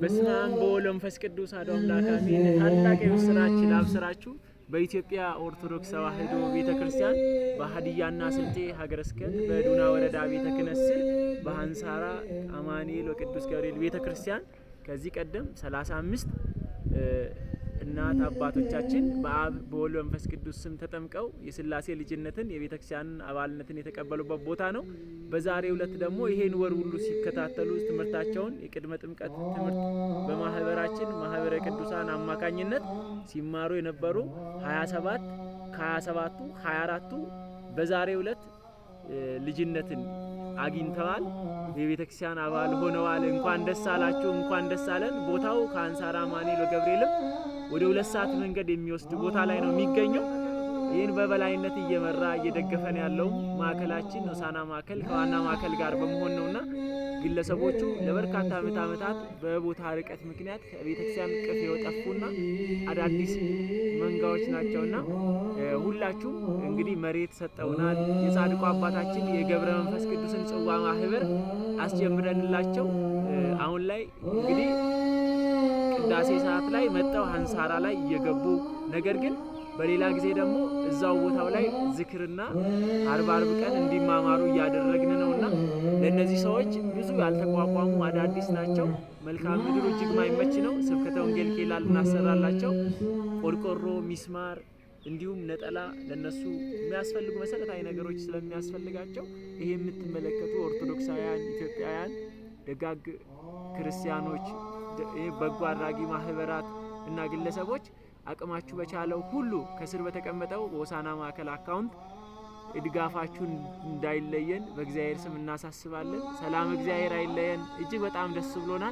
በስመ አብ ወወልድ ወመንፈስ ቅዱስ አሐዱ አምላክ አሜን። ታላቅ የምስራች ላብስራችሁ በኢትዮጵያ ኦርቶዶክስ ተዋሕዶ ቤተ ክርስቲያን በሀዲያና ስልጤ ሀገረ ስብከት በዱና ወረዳ ቤተ ክህነት ስር በአንሳራ አማኑኤል ወቅዱስ ገብርኤል ቤተ ክርስቲያን ከዚህ ቀደም 35 እናት አባቶቻችን በአብ በወልድ በመንፈስ ቅዱስ ስም ተጠምቀው የስላሴ ልጅነትን የቤተክርስቲያን አባልነትን የተቀበሉበት ቦታ ነው። በዛሬ ዕለት ደግሞ ይሄን ወር ሁሉ ሲከታተሉ ትምህርታቸውን የቅድመ ጥምቀት ትምህርት በማህበራችን ማህበረ ቅዱሳን አማካኝነት ሲማሩ የነበሩ 27 ከ27ቱ 24ቱ በዛሬ ዕለት ልጅነትን አግኝተዋል። የቤተ ክርስቲያን አባል ሆነዋል። እንኳን ደስ አላችሁ፣ እንኳን ደስ አለን። ቦታው ከአንሳራ ማኔ በገብርኤልም ወደ ሁለት ሰዓት መንገድ የሚወስድ ቦታ ላይ ነው የሚገኘው። ይህን በበላይነት እየመራ እየደገፈን ያለው ማዕከላችን ሆሳዕና ማዕከል ከዋና ማዕከል ጋር በመሆን ነውና ግለሰቦቹ ለበርካታ ዓመት ዓመታት በቦታ ርቀት ምክንያት ከቤተክርስቲያን ቅፍ የወጠፉና አዳዲስ መንጋዎች ናቸውና ሁላችሁም እንግዲህ መሬት ሰጠውናል። የጻድቁ አባታችን የገብረ መንፈስ ቅዱስን ጽዋ ማህበር አስጀምረንላቸው አሁን ላይ እንግዲህ ቅዳሴ ሰዓት ላይ መጠው ሀንሳራ ላይ እየገቡ ነገር ግን በሌላ ጊዜ ደግሞ እዛው ቦታው ላይ ዝክርና አርባ አርብ ቀን እንዲማማሩ እያደረግን ነውና ለእነዚህ ሰዎች ብዙ ያልተቋቋሙ አዳዲስ ናቸው። መልካም ምድሩ እጅግ ማይመች ነው። ስብከተ ወንጌል ኬላል እናሰራላቸው። ቆርቆሮ፣ ሚስማር እንዲሁም ነጠላ ለነሱ የሚያስፈልጉ መሰረታዊ ነገሮች ስለሚያስፈልጋቸው ይህ የምትመለከቱ ኦርቶዶክሳውያን ኢትዮጵያውያን ደጋግ ክርስቲያኖች፣ በጎ አድራጊ ማህበራት እና ግለሰቦች አቅማችሁ በቻለው ሁሉ ከስር በተቀመጠው በሆሳዕና ማዕከል አካውንት ድጋፋችሁን እንዳይለየን በእግዚአብሔር ስም እናሳስባለን። ሰላም እግዚአብሔር አይለየን። እጅግ በጣም ደስ ብሎናል።